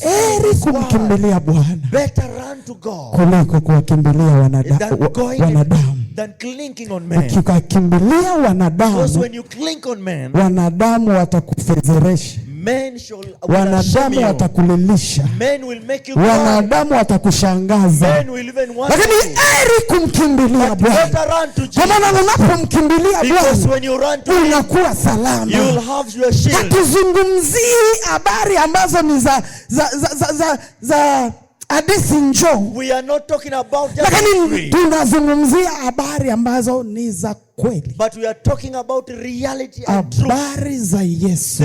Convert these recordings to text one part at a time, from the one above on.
Heri kumkimbilia Bwana kuliko kuwakimbilia wanadamu. Ukikakimbilia wanadamu, wanadamu watakufezeresha wanadamu watakulilisha, wanadamu watakushangaza, lakini heri kumkimbilia Bwana. maana unapomkimbilia Bwana unakuwa salama. habari ambazo ni za za za za hadithi njoo, lakini tunazungumzia habari ambazo ni za kweli, habari za Yesu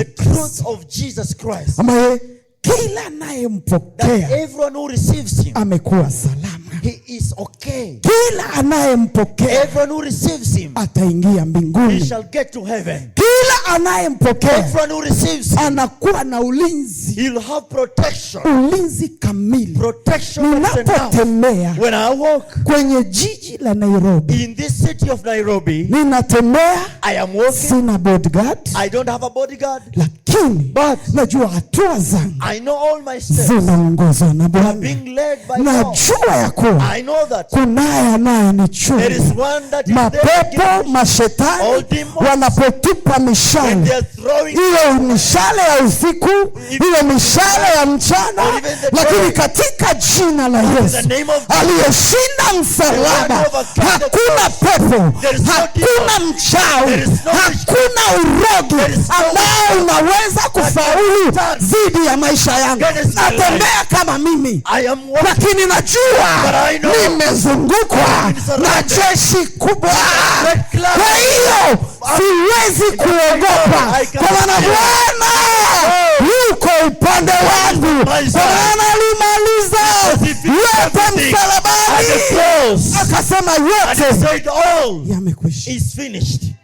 ambaye kila anayempokea amekuwa salama. He is okay. Kila anayempokea ataingia mbinguni. He shall get to heaven. Kila yule anayempokea anakuwa na ulinzi, ulinzi kamili. Ninapotembea kwenye jiji la Nairobi, Nairobi ninatembea, sina bodyguard, lakini najua hatua zangu zinaongozwa na Bwana. Najua ya kuwa kunaye anayenichunga. Mapepo mashetani wanapotupa mishale, iwe mishale ya usiku, iwe mishale ya mchana, lakini katika jina la Yesu aliyeshinda msalaba, hakuna pepo, hakuna mchawi, hakuna urogi ambao unaweza kufaulu dhidi ya maisha yangu. Natembea kama mimi, lakini najua nimezungukwa na jeshi kubwa siwezi kuogopa, kwa maana Bwana oh. yuko upande wangu, kwa maana alimaliza yote msalabani, akasema yote yamekwisha.